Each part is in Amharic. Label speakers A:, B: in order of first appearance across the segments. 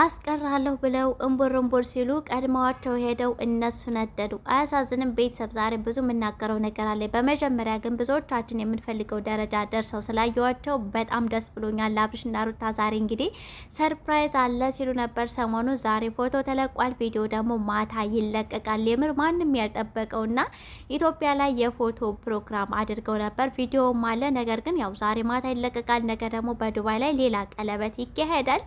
A: አስቀራለሁ ብለው እምቡር እምቦር ሲሉ ቀድመዋቸው ሄደው እነሱ ነደዱ። አያሳዝንም? ቤተሰብ ዛሬ ብዙ የምናገረው ነገር አለ። በመጀመሪያ ግን ብዙዎቻችን የምንፈልገው ደረጃ ደርሰው ስላየዋቸው በጣም ደስ ብሎኛል። አብርሽና ሩታ ዛሬ እንግዲህ ሰርፕራይዝ አለ ሲሉ ነበር ሰሞኑ። ዛሬ ፎቶ ተለቋል፣ ቪዲዮ ደግሞ ማታ ይለቀቃል። የምር ማንም ያልጠበቀው እና ኢትዮጵያ ላይ የፎቶ ፕሮግራም አድርገው ነበር፣ ቪዲዮም አለ። ነገር ግን ያው ዛሬ ማታ ይለቀቃል። ነገ ደግሞ በዱባይ ላይ ሌላ ቀለበት ይካሄዳል።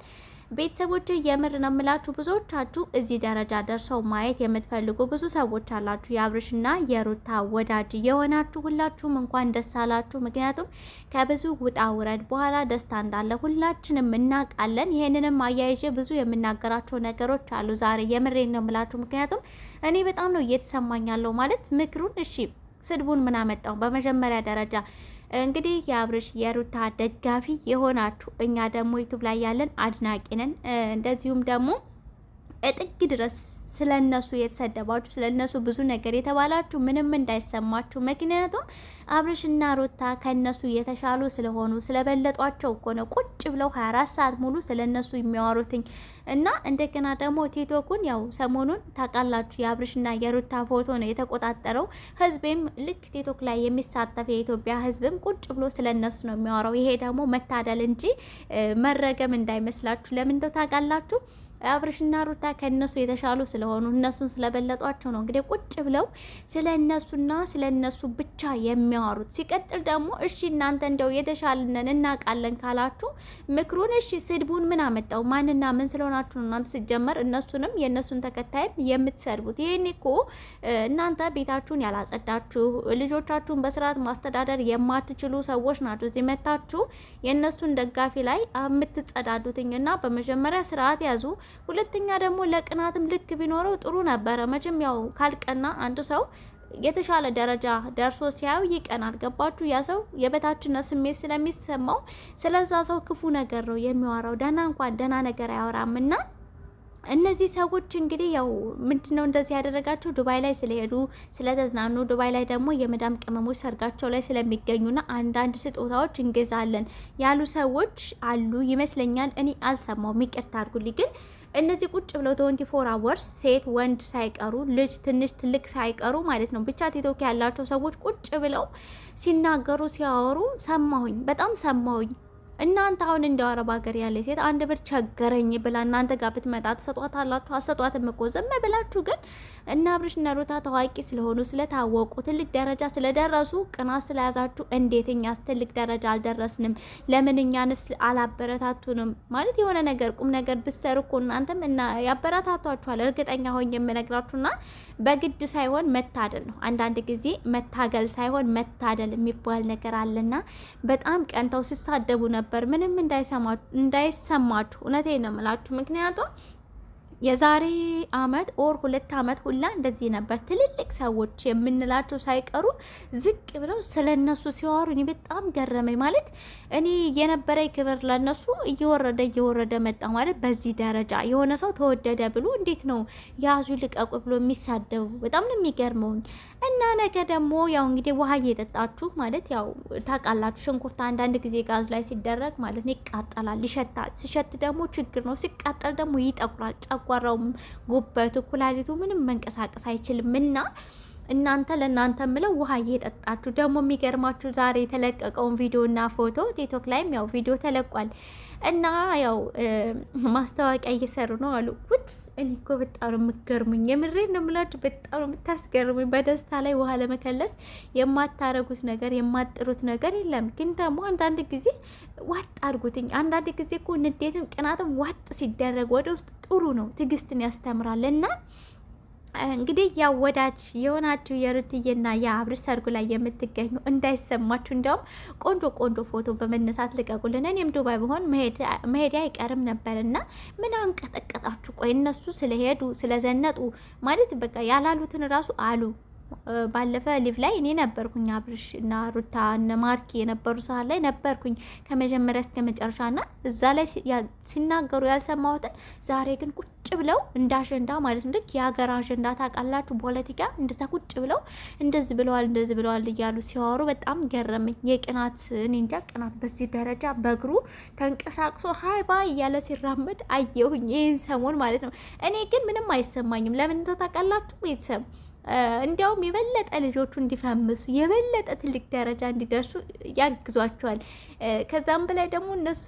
A: ቤተሰቦች የምር ነው የምላችሁ። ብዙዎቻችሁ እዚህ ደረጃ ደርሰው ማየት የምትፈልጉ ብዙ ሰዎች አላችሁ። የአብርሽና የሩታ ወዳጅ የሆናችሁ ሁላችሁም እንኳን ደስ አላችሁ። ምክንያቱም ከብዙ ውጣ ውረድ በኋላ ደስታ እንዳለ ሁላችንም እናውቃለን። ይህንንም አያይዤ ብዙ የምናገራቸው ነገሮች አሉ። ዛሬ የምሬን ነው የምላችሁ። ምክንያቱም እኔ በጣም ነው እየተሰማኛለሁ። ማለት ምክሩን እሺ፣ ስድቡን ምናመጣው በመጀመሪያ ደረጃ እንግዲህ የአብርሽ የሩታ ደጋፊ የሆናችሁ እኛ ደግሞ ዩቱብ ላይ ያለን አድናቂ ነን። እንደዚሁም ደግሞ እጥግ ድረስ ስለ እነሱ የተሰደባችሁ ስለ እነሱ ብዙ ነገር የተባላችሁ ምንም እንዳይሰማችሁ። ምክንያቱም አብርሽና ሩታ ከእነሱ የተሻሉ ስለሆኑ ስለበለጧቸው እኮ ነው ቁጭ ብለው 24 ሰዓት ሙሉ ስለ እነሱ የሚያወሩትኝ እና እንደገና ደግሞ ቲክቶኩን ያው ሰሞኑን ታውቃላችሁ የአብርሽና የሩታ ፎቶ ነው የተቆጣጠረው። ህዝብም ልክ ቲክቶክ ላይ የሚሳተፍ የኢትዮጵያ ህዝብም ቁጭ ብሎ ስለ እነሱ ነው የሚያወራው። ይሄ ደግሞ መታደል እንጂ መረገም እንዳይመስላችሁ። ለምንደው እንደው ታውቃላችሁ አብርሽና ሩታ ከእነሱ የተሻሉ ስለሆኑ እነሱን ስለበለጧቸው ነው እንግዲህ ቁጭ ብለው ስለ እነሱና ስለ እነሱ ብቻ የሚያወሩት። ሲቀጥል ደግሞ እሺ እናንተ እንደው የተሻልነን እናውቃለን ካላችሁ ምክሩን፣ እሺ ስድቡን ምን አመጣው? ማንና ምን ስለሆናችሁ ነው እናንተ ስጀመር እነሱንም የእነሱን ተከታይም የምትሰድቡት? ይህን እኮ እናንተ ቤታችሁን ያላጸዳችሁ፣ ልጆቻችሁን በስርዓት ማስተዳደር የማትችሉ ሰዎች ናቸው እዚህ መታችሁ የእነሱን ደጋፊ ላይ የምትጸዳዱትኝ እና በመጀመሪያ ስርዓት ያዙ። ሁለተኛ ደግሞ ለቅናትም ልክ ቢኖረው ጥሩ ነበረ። መቼም ያው ካልቀና አንድ ሰው የተሻለ ደረጃ ደርሶ ሲያዩ ይቀናል። ገባችሁ? ያ ሰው የበታችነት ስሜት ስለሚሰማው ስለዛ ሰው ክፉ ነገር ነው የሚያወራው። ደህና እንኳን ደህና ነገር አያወራምና እነዚህ ሰዎች እንግዲህ ያው ምንድነው እንደዚህ ያደረጋቸው ዱባይ ላይ ስለሄዱ ስለተዝናኑ፣ ዱባይ ላይ ደግሞ የመዳም ቅመሞች ሰርጋቸው ላይ ስለሚገኙና አንዳንድ ስጦታዎች እንገዛለን ያሉ ሰዎች አሉ ይመስለኛል። እኔ አልሰማውም፣ ይቅርታ አድርጉልኝ። ግን እነዚህ ቁጭ ብለው ትወንቲ ፎር አወርስ ሴት ወንድ ሳይቀሩ ልጅ ትንሽ ትልቅ ሳይቀሩ ማለት ነው ብቻ ቲክቶክ ያላቸው ሰዎች ቁጭ ብለው ሲናገሩ ሲያወሩ ሰማሁኝ፣ በጣም ሰማሁኝ። እናንተ አሁን እንደው አረብ ሀገር ያለ ሴት አንድ ብር ቸገረኝ ብላ እናንተ ጋር ብትመጣ ትሰጧት አላችሁ? አሰጧትም እኮ ዝም ብላችሁ። ግን እና አብርሽና ሩታ ታዋቂ ስለሆኑ ስለታወቁ፣ ትልቅ ደረጃ ስለደረሱ ቅናት ስለያዛችሁ እንዴት እኛስ ትልቅ ደረጃ አልደረስንም? ለምን እኛንስ አላበረታቱንም? ማለት የሆነ ነገር ቁም ነገር ብትሰሩ እኮ እናንተም እና ያበረታቷችኋል። እርግጠኛ ሆኜ የምነግራችሁና በግድ ሳይሆን መታደል ነው። አንዳንድ ጊዜ መታገል ሳይሆን መታደል የሚባል ነገር አለና በጣም ቀንተው ሲሳደቡ ነው። ነበር። ምንም እንዳይሰማችሁ እውነቴ ነው የምላችሁ ምክንያቱም የዛሬ አመት ኦር ሁለት አመት ሁላ እንደዚህ ነበር። ትልልቅ ሰዎች የምንላቸው ሳይቀሩ ዝቅ ብለው ስለ እነሱ ሲዋሩ እኔ በጣም ገረመኝ። ማለት እኔ የነበረ ክብር ለእነሱ እየወረደ እየወረደ መጣ። ማለት በዚህ ደረጃ የሆነ ሰው ተወደደ ብሎ እንዴት ነው ያዙ ልቀቁ ብሎ የሚሳደቡ? በጣም ነው የሚገርመውኝ። እና ነገ ደግሞ ያው እንግዲህ ውሃ እየጠጣችሁ ማለት ያው ታውቃላችሁ፣ ሽንኩርት አንዳንድ ጊዜ ጋዝ ላይ ሲደረግ ማለት ይቃጠላል፣ ይሸታል። ሲሸት ደግሞ ችግር ነው፣ ሲቃጠል ደግሞ ይጠቁራል ጨጓራ ጨጓራውም ጉበቱ ኩላሊቱ ምንም መንቀሳቀስ አይችልም እና እናንተ ለእናንተ ምለው ውሃ እየጠጣችሁ ደግሞ የሚገርማችሁ ዛሬ የተለቀቀውን ቪዲዮና ፎቶ ቲክቶክ ላይም ያው ቪዲዮ ተለቋል እና ያው ማስታወቂያ እየሰሩ ነው አሉ። ውድ እኔ እኮ በጣም የምገርሙኝ የምሬ ነው የምላችሁ። በጣም የምታስገርሙኝ። በደስታ ላይ ውሃ ለመከለስ የማታረጉት ነገር የማጥሩት ነገር የለም። ግን ደግሞ አንዳንድ ጊዜ ዋጥ አድርጉትኝ። አንዳንድ ጊዜ እኮ ንዴትም ቅናትም ዋጥ ሲደረግ ወደ ውስጥ ጥሩ ነው፣ ትዕግስትን ያስተምራል እና እንግዲህ ያው ወዳጅ የሆናችሁ የሩትዬና የአብርሽ ሰርጉ ላይ የምትገኙ እንዳይሰማችሁ፣ እንዲያውም ቆንጆ ቆንጆ ፎቶ በመነሳት ልቀቁልን። እኔም ዱባይ በሆን መሄድ አይቀርም ነበር እና ምን አንቀጠቀጣችሁ? ቆይ እነሱ ስለሄዱ ስለዘነጡ ማለት በቃ ያላሉትን ራሱ አሉ። ባለፈ ሊቭ ላይ እኔ ነበርኩኝ አብርሽ እና ሩታ እነ ማርኪ የነበሩ ሰዓት ላይ ነበርኩኝ ከመጀመሪያ እስከ መጨረሻ ና እዛ ላይ ሲናገሩ ያልሰማሁትን ዛሬ ግን ቁጭ ቁጭ ብለው እንደ አጀንዳ ማለት ነው። ልክ የሀገር አጀንዳ ታውቃላችሁ፣ ፖለቲካ እንደዛ ቁጭ ብለው እንደዚህ ብለዋል፣ እንደዚህ ብለዋል እያሉ ሲያወሩ በጣም ገረመኝ። የቅናት እኔ እንጃ ቅናት በዚህ ደረጃ በእግሩ ተንቀሳቅሶ ሀይ ባይ እያለ ሲራመድ አየሁኝ፣ ይህን ሰሞን ማለት ነው። እኔ ግን ምንም አይሰማኝም። ለምን እንደው ታውቃላችሁ ቤተሰብ እንዲያውም የበለጠ ልጆቹ እንዲፈምሱ የበለጠ ትልቅ ደረጃ እንዲደርሱ ያግዟቸዋል። ከዛም በላይ ደግሞ እነሱ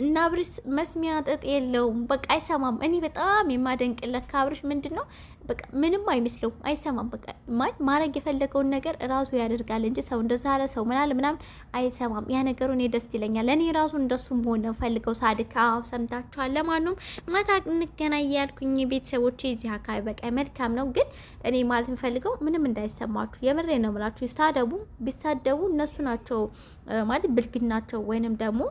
A: እና አብርሽ መስሚያ ጥጥ የለውም። በቃ አይሰማም። እኔ በጣም የማደንቅለት ከአብርሽ ምንድን ነው በቃ ምንም አይመስለውም፣ አይሰማም። በቃ ማን ማድረግ የፈለገውን ነገር ራሱ ያደርጋል እንጂ ሰው እንደዛ አለ ሰው ምናል ምናምን አይሰማም። ያ ነገሩ እኔ ደስ ይለኛል። እኔ ራሱ እንደሱ መሆን ነው ፈልገው። ሳድካ ሰምታችኋል። ለማንም ማታ እንገናኝ ያልኩኝ ቤተሰቦቼ እዚህ አካባቢ በቃ መልካም ነው። ግን እኔ ማለት የምፈልገው ምንም እንዳይሰማችሁ፣ የምሬ ነው የምላችሁ። ይሳደቡ ቢሳደቡ እነሱ ናቸው ማለት ብልግናቸው ናቸው ወይንም ደግሞ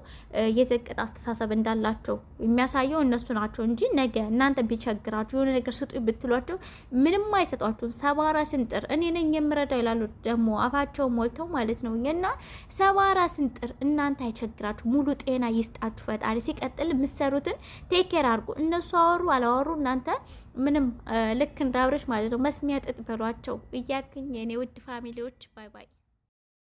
A: የዘቀጠ አስተሳሰብ እንዳላቸው የሚያሳየው እነሱ ናቸው እንጂ ነገ እናንተ ቢቸግራችሁ የሆነ ነገር ስጡ ብትሏቸው ምንም አይሰጧችሁም። ሰባራ ስንጥር እኔ ነኝ የምረዳው ይላሉ ደግሞ አፋቸው ሞልተው ማለት ነው። እና ሰባራ ስንጥር እናንተ አይቸግራችሁ፣ ሙሉ ጤና ይስጣችሁ ፈጣሪ። ሲቀጥል የምትሰሩትን ቴኬር አድርጉ። እነሱ አወሩ አላወሩ እናንተ ምንም ልክ እንዳብረች ማለት ነው መስሚያ ጥጥ በሏቸው እያልኩኝ የእኔ ውድ ፋሚሊዎች ባይ ባይ።